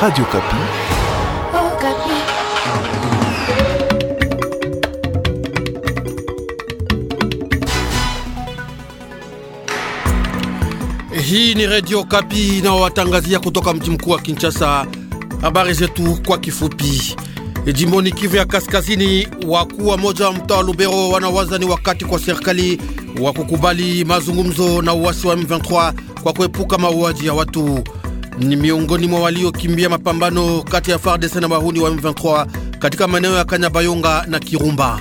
Radio Kapi. Oh, Kapi. Hii ni Radio Kapi watangazia kutoka mji mkuu wa Kinshasa. Habari zetu kwa kifupi. Jimboni Kivu ya Kaskazini, wakuu wa moja mtaa wa Lubero wanawaza ni wakati kwa serikali wa kukubali mazungumzo na uasi wa M23 kwa kuepuka mauaji ya watu ni miongoni mwa waliokimbia mapambano kati ya FARDC na wahuni wa M23 katika maeneo ya Kanyabayonga na Kirumba.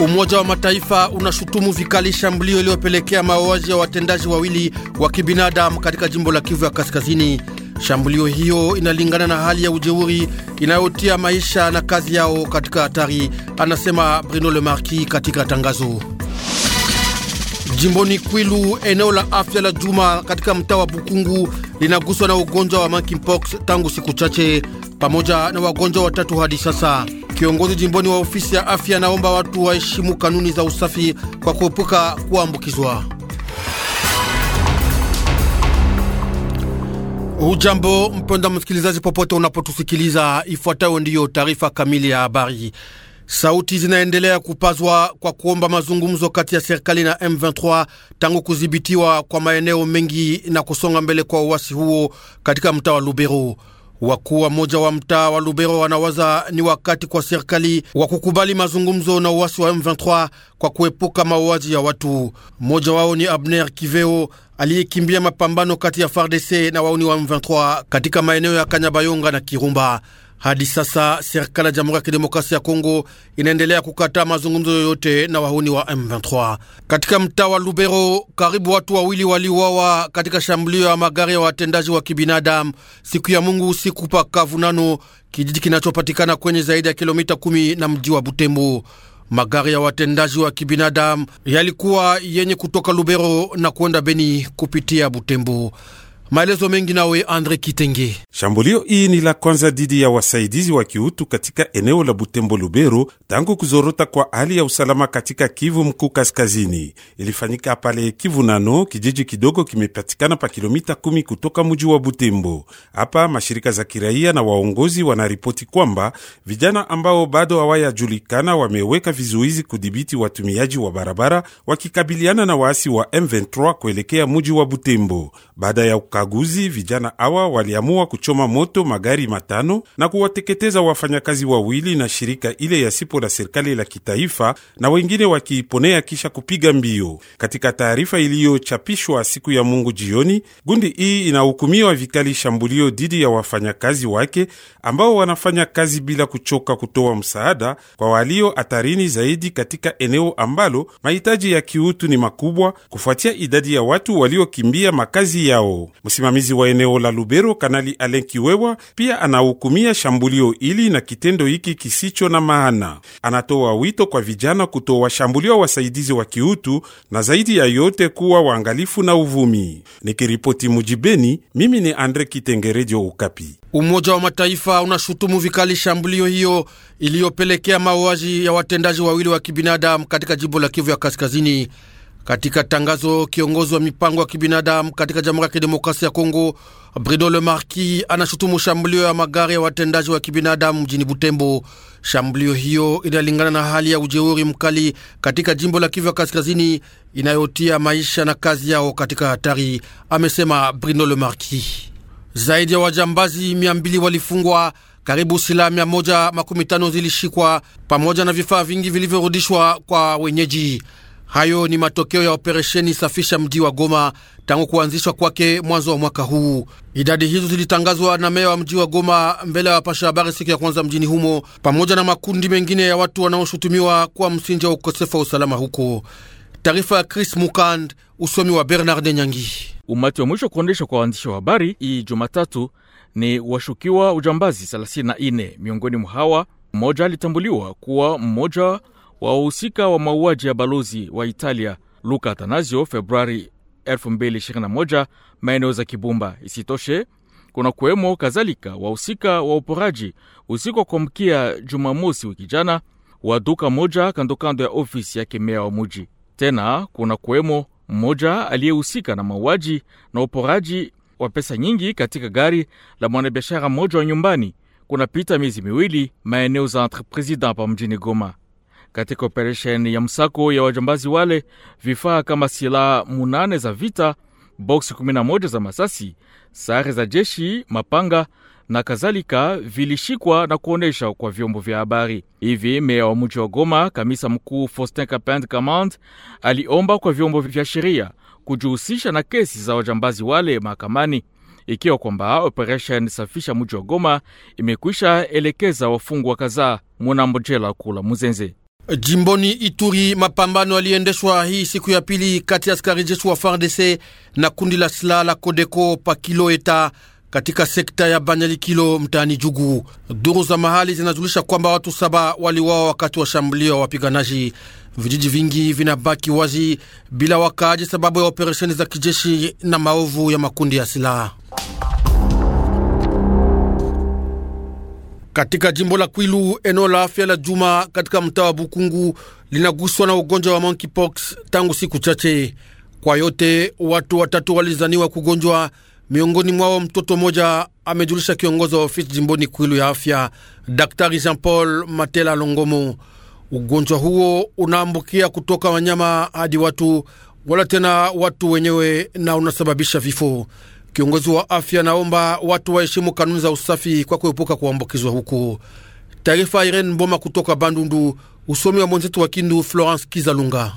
Umoja wa Mataifa unashutumu vikali shambulio iliyopelekea mauaji ya watendaji wawili wa kibinadamu katika jimbo la Kivu ya Kaskazini. Shambulio hiyo inalingana na hali ya ujeuri inayotia maisha na kazi yao katika hatari, anasema Bruno Le Marquis katika tangazo. Jimboni Kwilu, eneo la afya la Juma katika mtaa wa Bukungu linaguswa na ugonjwa wa monkeypox tangu siku chache, pamoja na wagonjwa watatu hadi sasa. Kiongozi jimboni wa ofisi ya afya anaomba watu waheshimu kanuni za usafi kwa kuepuka kuambukizwa. Hujambo mpenda msikilizaji, popote unapotusikiliza, ifuatayo ndiyo taarifa kamili ya habari. Sauti zinaendelea kupazwa kwa kuomba mazungumzo kati ya serikali na M23 tangu kudhibitiwa kwa maeneo mengi na kusonga mbele kwa uasi huo katika mtaa wa Lubero. Wakuu wa moja wa mtaa wa Lubero wanawaza ni wakati kwa serikali wa kukubali mazungumzo na uasi wa M23 kwa kuepuka mauaji ya watu. Mmoja wao ni Abner Kiveo aliyekimbia mapambano kati ya FARDC na wauni wa M23 katika maeneo ya Kanyabayonga na Kirumba. Hadi sasa serikali ya Jamhuri ya Kidemokrasia ya Kongo inaendelea kukataa mazungumzo yoyote na wahuni wa M23 katika mtaa wa Lubero. Karibu watu wawili waliuawa katika shambulio ya magari ya watendaji wa kibinadamu siku ya Mungu usiku pa Kavunano, kijiji kinachopatikana kwenye zaidi ya kilomita kumi na mji wa Butembo. Magari ya watendaji wa kibinadamu yalikuwa yenye kutoka Lubero na kwenda Beni kupitia Butembo. Maelezo mengi nawe Andre Kitenge. Shambulio hii ni la kwanza dhidi ya wasaidizi wa kiutu katika eneo la Butembo Lubero tangu kuzorota kwa hali ya usalama katika Kivu mkuu kaskazini. Ilifanyika pale Kivu Nano, kijiji kidogo kimepatikana pa kilomita kumi kutoka mji wa Butembo. Hapa mashirika za kiraia na waongozi wanaripoti kwamba vijana ambao bado hawayajulikana wameweka vizuizi kudhibiti watumiaji wa barabara wakikabiliana na waasi wa M23 kuelekea mji wa Butembo baada ya wakaguzi vijana awa waliamua kuchoma moto magari matano na kuwateketeza wafanyakazi wawili na shirika ile yasipo la serikali la kitaifa na wengine wakiiponea kisha kupiga mbio. Katika taarifa iliyochapishwa siku ya Mungu jioni, gundi hii inahukumiwa vikali shambulio dhidi ya wafanyakazi wake ambao wanafanya kazi bila kuchoka kutoa msaada kwa walio hatarini zaidi katika eneo ambalo mahitaji ya kiutu ni makubwa kufuatia idadi ya watu waliokimbia makazi yao. Msimamizi wa eneo la Lubero, Kanali Alen Kiwewa, pia anahukumia shambulio ili na kitendo hiki kisicho na maana. Anatoa wito kwa vijana kutowashambulia wasaidizi wa kiutu na zaidi ya yote kuwa waangalifu na uvumi. Nikiripoti mujibeni, mimi ni Andre Kitengerejo, Ukapi. Umoja wa Mataifa unashutumu vikali shambulio hiyo iliyopelekea mauaji ya watendaji wawili wa kibinadamu katika jimbo la Kivu ya Kaskazini. Katika tangazo, kiongozi wa mipango ya kibinadamu katika Jamhuri ya Kidemokrasia ya Kongo bruno Le Marquis anashutumu shambulio ya magari ya watendaji wa kibinadamu mjini Butembo. Shambulio hiyo inalingana na hali ya ujeuri mkali katika jimbo la Kivu ya Kaskazini inayotia maisha na kazi yao katika hatari, amesema bruno Le Marquis. Zaidi ya wajambazi mia mbili walifungwa, karibu silaha mia moja makumi tano zilishikwa pamoja na vifaa vingi vilivyorudishwa kwa wenyeji. Hayo ni matokeo ya operesheni safisha mji wa Goma tangu kuanzishwa kwake mwanzo wa mwaka huu. Idadi hizo zilitangazwa na meya wa mji wa Goma mbele ya wapasha habari siku ya kwanza mjini humo, pamoja na makundi mengine ya watu wanaoshutumiwa kuwa msingi wa ukosefu wa usalama huko. Taarifa ya Chris Mukand, usomi wa Bernard Nyangi. Umati wa mwisho kuondesha kwa waandishi wa habari hii Jumatatu ni washukiwa ujambazi 34 miongoni mwa hawa mmoja alitambuliwa kuwa mmoja wahusika wa mauaji ya balozi wa Italia Luka Atanasio Februari 2021 maeneo za Kibumba. Isitoshe, kuna kuwemo kazalika wahusika wa uporaji usiku wa kuamkia Jumamosi wiki jana wa duka moja kandokando ya ofisi ya kemea wa muji. Tena kuna kuwemo mmoja aliyehusika na mauaji na uporaji wa pesa nyingi katika gari la mwanabiashara mmoja wa nyumbani kunapita miezi miwili maeneo za Entre President pa mjini Goma katika operesheni ya msako ya wajambazi wale, vifaa kama silaha munane za vita, boksi 11 za masasi, sare za jeshi, mapanga na kadhalika vilishikwa na kuonesha kwa vyombo vya habari. Hivi meya wa mji wa Goma, kamisa mkuu Faustin capend command aliomba kwa vyombo vya sheria kujihusisha na kesi za wajambazi wale mahakamani, ikiwa kwamba operesheni safisha mji wa Goma imekwisha elekeza wafungwa kadhaa mwanambojela kula Muzenze. Jimboni Ituri, mapambano yaliendeshwa hii siku ya pili kati ya askari jeshi wa FARDC na kundi la silaha la Kodeko pa Kilo Eta katika sekta ya Banyalikilo mtaani Jugu. Duru za mahali zinajulisha kwamba watu saba waliwawa wakati wa shambulio wa wapiganaji. Vijiji vingi vinabaki wazi bila wakaaji sababu ya operesheni za kijeshi na maovu ya makundi ya silaha. katika jimbo la Kwilu. Eneo la afya la Juma katika mtaa wa Bukungu linaguswa na ugonjwa wa monkeypox tangu siku chache. Kwa yote watu watatu walizaniwa kugonjwa, miongoni mwao mtoto mmoja, amejulisha kiongozi wa ofisi jimboni Kwilu ya afya, Daktari Jean Paul Matela Longomo. Ugonjwa huo unaambukia kutoka wanyama hadi watu wala tena watu wenyewe, na unasababisha vifo. Kiongozi wa afya naomba watu waheshimu kanuni za usafi kwa kuepuka kuambukizwa huku Taarifa Irene Mboma kutoka Bandundu, usomi wa mwenzetu wa Kindu Florence Kizalunga.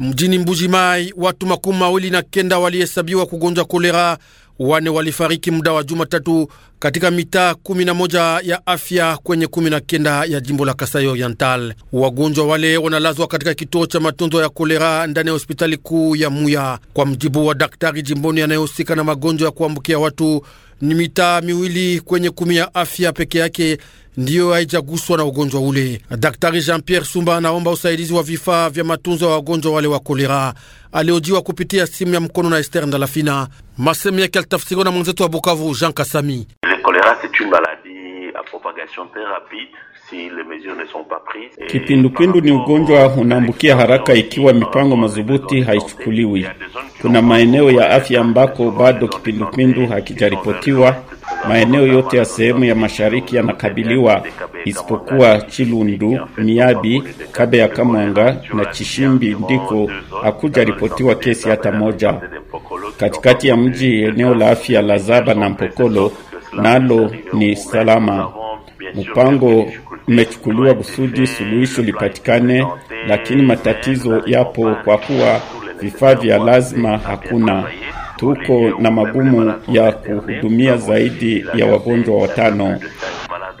Mjini Mbuji Mai watu makumi mawili na kenda walihesabiwa kugonjwa kolera wane walifariki muda wa Jumatatu katika mitaa 11 ya afya kwenye kenda ya jimbo la Kasai Oriental. Wagonjwa wale wanalazwa katika kituo cha matunzo ya kolera ndani ya hospitali kuu ya Muya, kwa mjibu wa daktari jimboni anayehusika na magonjwa ya kuambukia watu ni mitaa miwili kwenye kumi ya afya peke yake ndiyo haijaguswa na ugonjwa ule. Daktari Jean Pierre Sumba anaomba usaidizi wa vifaa vya matunzo ya wa wagonjwa wale wa kolera. Aliojiwa kupitia simu ya mkono na Ester Ndalafina. Masemu yake alitafsiriwa na mwenzetu wa Bukavu, Jean Kasami propagation très rapide si les mesures ne sont pas prises. Kipindupindu ni ugonjwa unaambukia haraka ikiwa mipango madhubuti haichukuliwi. Kuna maeneo ya afya ambako bado kipindupindu hakijaripotiwa. Maeneo yote ya sehemu ya mashariki yanakabiliwa isipokuwa Chilundu, Miabi, Kabe ya Kamanga na Chishimbi ndiko hakujaripotiwa kesi hata moja. Katikati ya mji eneo la afya la Zaba na Mpokolo nalo ni salama. Mpango umechukuliwa kusudi suluhisho lipatikane, lakini matatizo yapo kwa kuwa vifaa vya lazima hakuna. Tuko na magumu ya kuhudumia zaidi ya wagonjwa watano.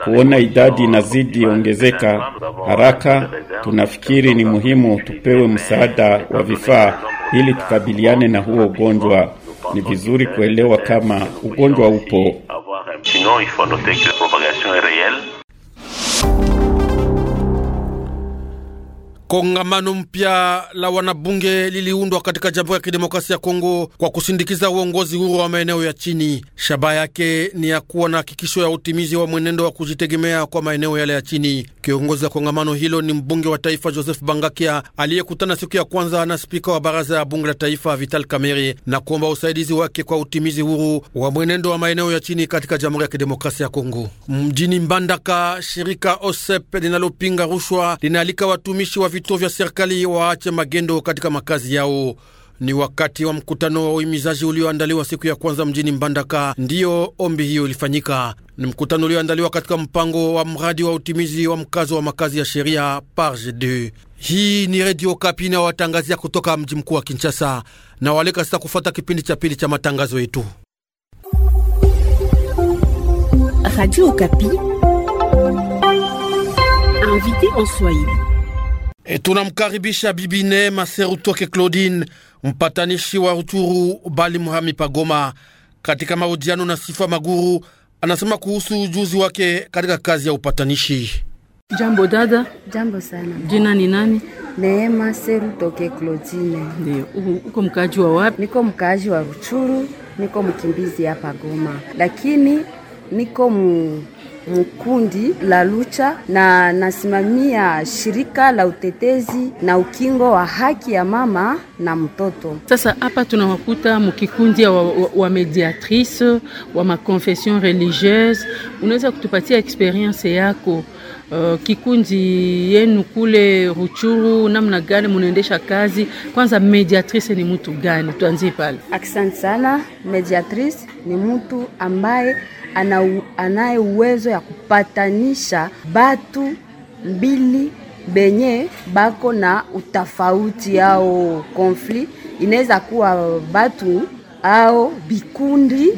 Kuona idadi inazidi ongezeka haraka, tunafikiri ni muhimu tupewe msaada wa vifaa ili tukabiliane na huo ugonjwa. Ni vizuri kuelewa kama ugonjwa upo. Sinon, il faut noter que la propagation est réelle Kongamano mpya la wanabunge liliundwa katika Jamhuri ya Kidemokrasia ya Kongo kwa kusindikiza uongozi huru wa maeneo ya chini. Shabaha yake ni ya kuwa na hakikisho ya utimizi wa mwenendo wa kujitegemea kwa maeneo yale ya chini. Kiongozi wa kongamano hilo ni mbunge wa taifa Joseph Bangakia aliyekutana siku ya kwanza na spika wa baraza ya bunge la taifa Vital Kamerhe na kuomba usaidizi wake kwa utimizi huru wa mwenendo wa maeneo ya chini katika Jamhuri ya Kidemokrasia ya Kongo. Mjini Mbandaka, shirika OSEP linalopinga rushwa linaalika watumishi wa vituo vya serikali waache magendo katika makazi yao. Ni wakati wa mkutano wa uhimizaji ulioandaliwa siku ya kwanza mjini Mbandaka, ndiyo ombi hiyo ilifanyika. Ni mkutano ulioandaliwa katika mpango wa mradi wa utimizi wa mkazo wa makazi ya sheria PARG2. Hii ni Redio Kapi na kutoka mji mkuu wa Kinshasa na waleka sasa kufuata kipindi cha pili cha matangazo yetu Radio Kapi. E, tunamkaribisha Bibi Neema Serutoke Claudine, mpatanishi wa Rutshuru bali muhami pagoma. Katika mahojiano na Sifa Maguru, anasema kuhusu ujuzi wake katika kazi ya upatanishi. Jambo dada. Jambo sana. Jina ni nani? Neema Serutoke Claudine. Ndio. Uko mkaji wa wapi? Niko mkaji wa Rutshuru, niko mkimbizi hapa Goma, lakini niko mu mkundi la Lucha na nasimamia shirika la utetezi na ukingo wa haki ya mama na mtoto. Sasa hapa tunawakuta mkikundi wa, wa, wa mediatrice wa maconfession religieuse. Unaweza kutupatia experience yako uh, kikundi yenu kule Ruchuru, namna gani munaendesha kazi? Kwanza mediatrice ni mtu gani? Tuanzie pale. Asante sana. Mediatrice ni mtu ambaye anaye uwezo ya kupatanisha batu mbili benye bako na utafauti yao konfli, inaweza kuwa batu ao bikundi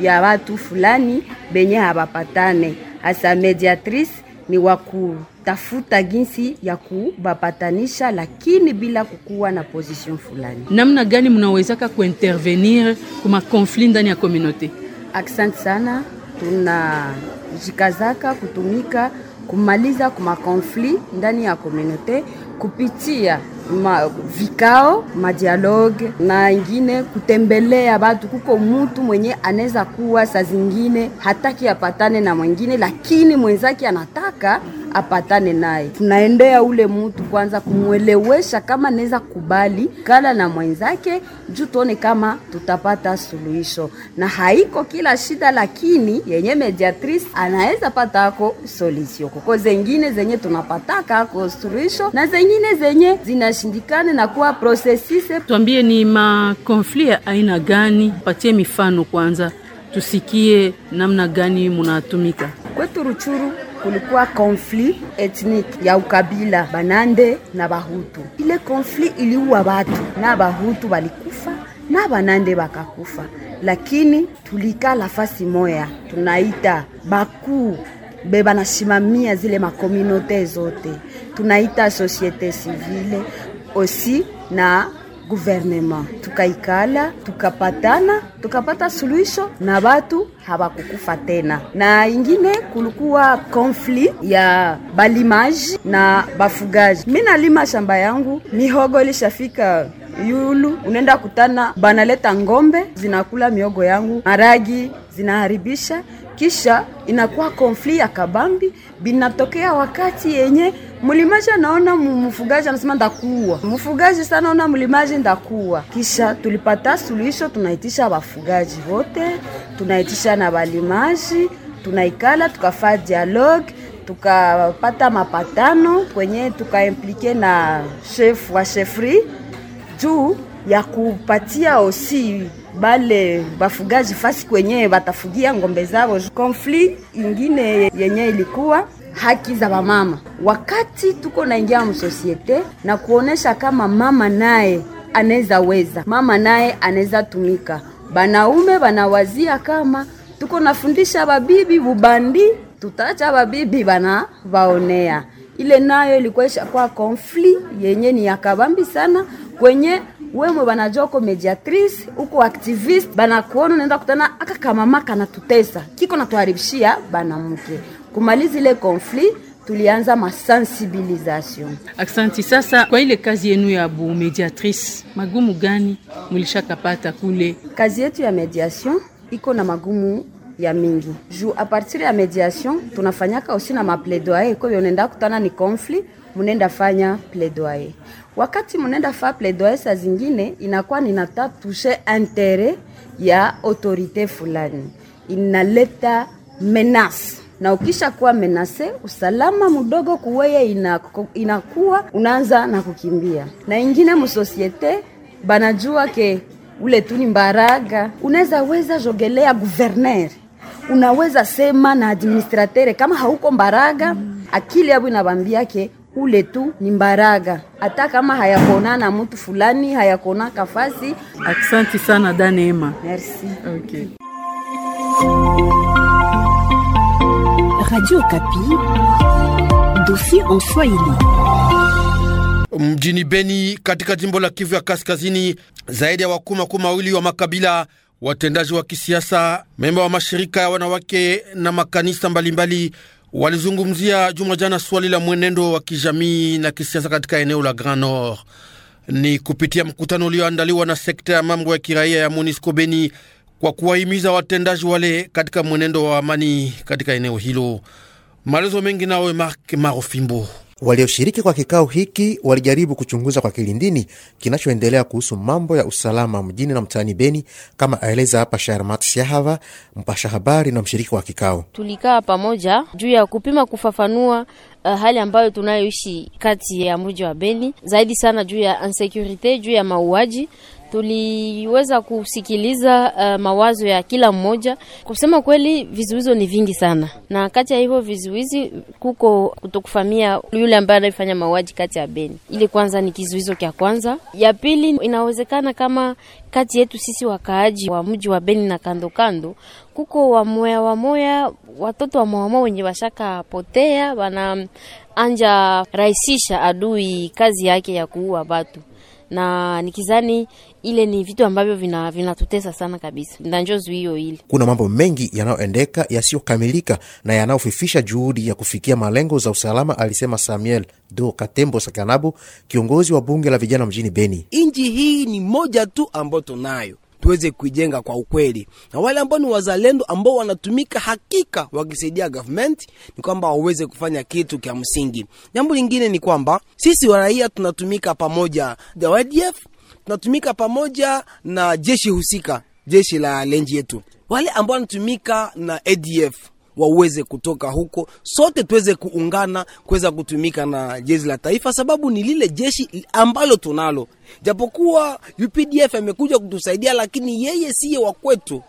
ya watu fulani benye habapatane. Hasa mediatrice ni wa kutafuta jinsi ya kubapatanisha, lakini bila kukuwa na position fulani. Namna gani mnawezaka kuintervenir kuma konflit ndani ya komunote? Asante sana, tunajikazaka kutumika kumaliza kuma konflit ndani ya komunote kupitia ma, vikao madialoge na ingine kutembelea batu. Kuko mutu mwenye anaweza kuwa saa zingine hataki apatane na mwingine, lakini mwenzake anataka apatane naye. Tunaendea ule mutu kwanza kumwelewesha kama anaweza kubali kala na mwenzake juu tuone kama tutapata suluhisho, na haiko kila shida, lakini yenye mediatrice anaweza ako solution kuko zengine zenye tunapataka ako suluhisho na zengine zenye zina yashindikane na kuwa prosesise. Tuambie, ni makonfli ya aina gani? Patie mifano kwanza, tusikie namna gani munatumika. Kwetu Ruchuru kulikuwa konfli etnik ya ukabila Banande na Bahutu. Ile konfli iliua watu na Bahutu balikufa na Banande bakakufa, lakini tulikaa nafasi moya, tunaita bakuu beba bebanashimamia zile makominote zote, tunaita societe civile, osi na gouvernement tukaikala tukapatana tukapata suluhisho na batu habakukufa tena. Na ingine kulikuwa konfli ya balimaji na bafugaji. Mi nalima shamba yangu, mihogo ilishafika yulu, unaenda kutana banaleta ngombe zinakula miogo yangu, maragi zinaharibisha, kisha inakuwa konfli ya kabambi binatokea wakati yenye mlimaji anaona mfugaji anasema ndakuwa, mfugaji sana anaona mlimaji ndakuwa. Kisha tulipata suluhisho, tunaitisha wafugaji wote, tunaitisha na walimaji, tunaikala tukafaa dialogue tukapata mapatano kwenye tukaimplike na chef wa chefri juu ya kupatia osi bale bafugaji fasi kwenye batafugia ngombe zao. Konfli ingine yenye ilikuwa haki za wamama, wakati tuko naingia msosiete na kuonesha kama mama naye anaweza weza, mama naye anaweza tumika. Banaume banawazia kama tuko nafundisha babibi bubandi, tutacha babibi bana vaonea. Ile nayo ilikuwa ishakuwa konfli yenye ni yakabambi sana kwenye wewe banajoko mediatrice uko activiste banakuona unaenda kutana aka kamama kanatutesa kiko natuharibishia banamke kumaliza ile konflit tulianza masensibilisation. Aksanti. Sasa kwa ile kazi yenu ya bu mediatrice, magumu gani mulishakapata kule? Kazi yetu ya mediation iko na magumu ya mingi juu a partir ya mediation tunafanyaka aussi na mapledoyer kwa hiyo unaenda kutana ni conflict, mnenda fanya pledoyer. Wakati mnenda fa pledoyer, saa zingine inakuwa ninata toucher intérêt ya autorité fulani, inaleta menace na ukisha kuwa menase usalama mdogo kuweye inaku, inakuwa unaanza na kukimbia, na ingine musosiete banajua ke ule tu ni mbaraga, unaweza weza jogelea guverner unaweza sema na administratere kama hauko Mbaraga mm. akili yabo inabambiake ule tu ni Mbaraga, hata kama hayakona na mtu fulani hayakona kafasi. Asante sana Danema. Merci. Okay. Radio Kapi, dossier en Swahili. Mjini Beni katika jimbo la Kivu ya Kaskazini, zaidi ya wakuu makumi mawili wa makabila watendaji wa kisiasa, memba wa mashirika ya wanawake na makanisa mbalimbali walizungumzia juma jana swali la mwenendo wa kijamii na kisiasa katika eneo la Grand Nord ni kupitia mkutano ulioandaliwa na sekta ya mambo ya kiraia ya MONUSCO Beni kwa kuwahimiza watendaji wale katika mwenendo wa amani katika eneo hilo. Maelezo mengi nawe Mark Marofimbo. Walioshiriki kwa kikao hiki walijaribu kuchunguza kwa kilindini kinachoendelea kuhusu mambo ya usalama mjini na mtaani Beni, kama aeleza hapa Sharmat Shahava, mpasha habari na mshiriki wa kikao. Tulikaa pamoja juu ya kupima kufafanua Uh, hali ambayo tunayoishi kati ya mji wa Beni zaidi sana juu ya insecurity, juu ya mauaji tuliweza kusikiliza uh, mawazo ya kila mmoja. Kusema kweli, vizuizo ni vingi sana, na kati ya hivyo vizuizi kuko kutokufamia yule ambaye anayefanya mauaji kati ya Beni. ili kwanza ni kizuizo kya kwanza. Ya pili, inawezekana kama kati yetu sisi wakaaji wa mji wa Beni na kando kando, kuko wamoya wamoya, watoto wa mama wenye washaka potea, wana anja rahisisha adui kazi yake ya kuua watu na nikizani ile ni vitu ambavyo vinatutesa vina sana kabisa, na ile. Kuna mambo mengi yanayoendeka yasiyokamilika na yanayofifisha juhudi ya kufikia malengo za usalama, alisema Samuel do Katembo Sakanabu, kiongozi wa bunge la vijana mjini Beni. Inji hii ni moja tu ambayo tunayo tuweze kuijenga kwa ukweli, na wale ambao ni wazalendo ambao wanatumika hakika wakisaidia government, ni kwamba waweze kufanya kitu kya msingi. Jambo lingine ni kwamba sisi waraia tunatumika pamoja the tunatumika pamoja na jeshi husika, jeshi la lenji yetu, wale ambao wanatumika na ADF waweze kutoka huko, sote tuweze kuungana kuweza kutumika na jeshi la taifa, sababu ni lile jeshi ambalo tunalo. Japokuwa UPDF amekuja kutusaidia, lakini yeye siye wa kwetu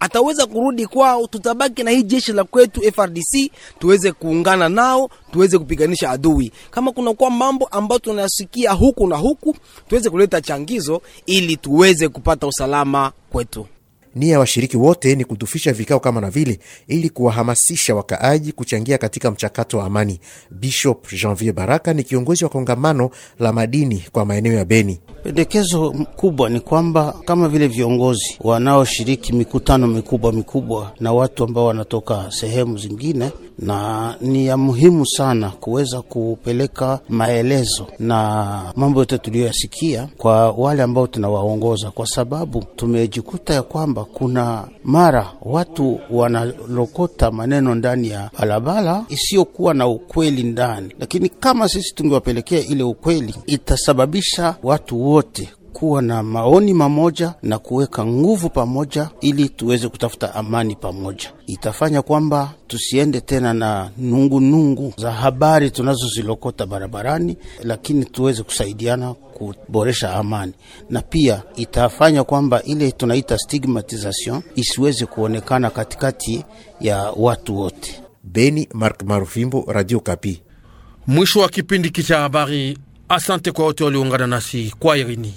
ataweza kurudi kwao, tutabaki na hii jeshi la kwetu FRDC, tuweze kuungana nao, tuweze kupiganisha adui. Kama kuna mambo ambayo tunasikia huku na huku, tuweze kuleta changizo ili tuweze kupata usalama kwetu. Nia ya washiriki wote ni kudhufisha vikao kama na vile ili kuwahamasisha wakaaji kuchangia katika mchakato wa amani. Bishop Janvier Baraka ni kiongozi wa kongamano la madini kwa maeneo ya Beni. Pendekezo kubwa ni kwamba kama vile viongozi wanaoshiriki mikutano mikubwa mikubwa na watu ambao wanatoka sehemu zingine na ni ya muhimu sana kuweza kupeleka maelezo na mambo yote tuliyoyasikia kwa wale ambao tunawaongoza, kwa sababu tumejikuta ya kwamba kuna mara watu wanalokota maneno ndani ya barabara isiyokuwa na ukweli ndani, lakini kama sisi tungewapelekea ile ukweli, itasababisha watu wote kuwa na maoni mamoja na kuweka nguvu pamoja, ili tuweze kutafuta amani pamoja. Itafanya kwamba tusiende tena na nungunungu nungu za habari tunazozilokota barabarani, lakini tuweze kusaidiana kuboresha amani, na pia itafanya kwamba ile tunaita stigmatization isiweze kuonekana katikati ya watu wote. Beni, Mark Marufimbo, Radio Kapi. Mwisho wa kipindi hiki cha habari. Asante kwa wote waliungana nasi kwa Irini.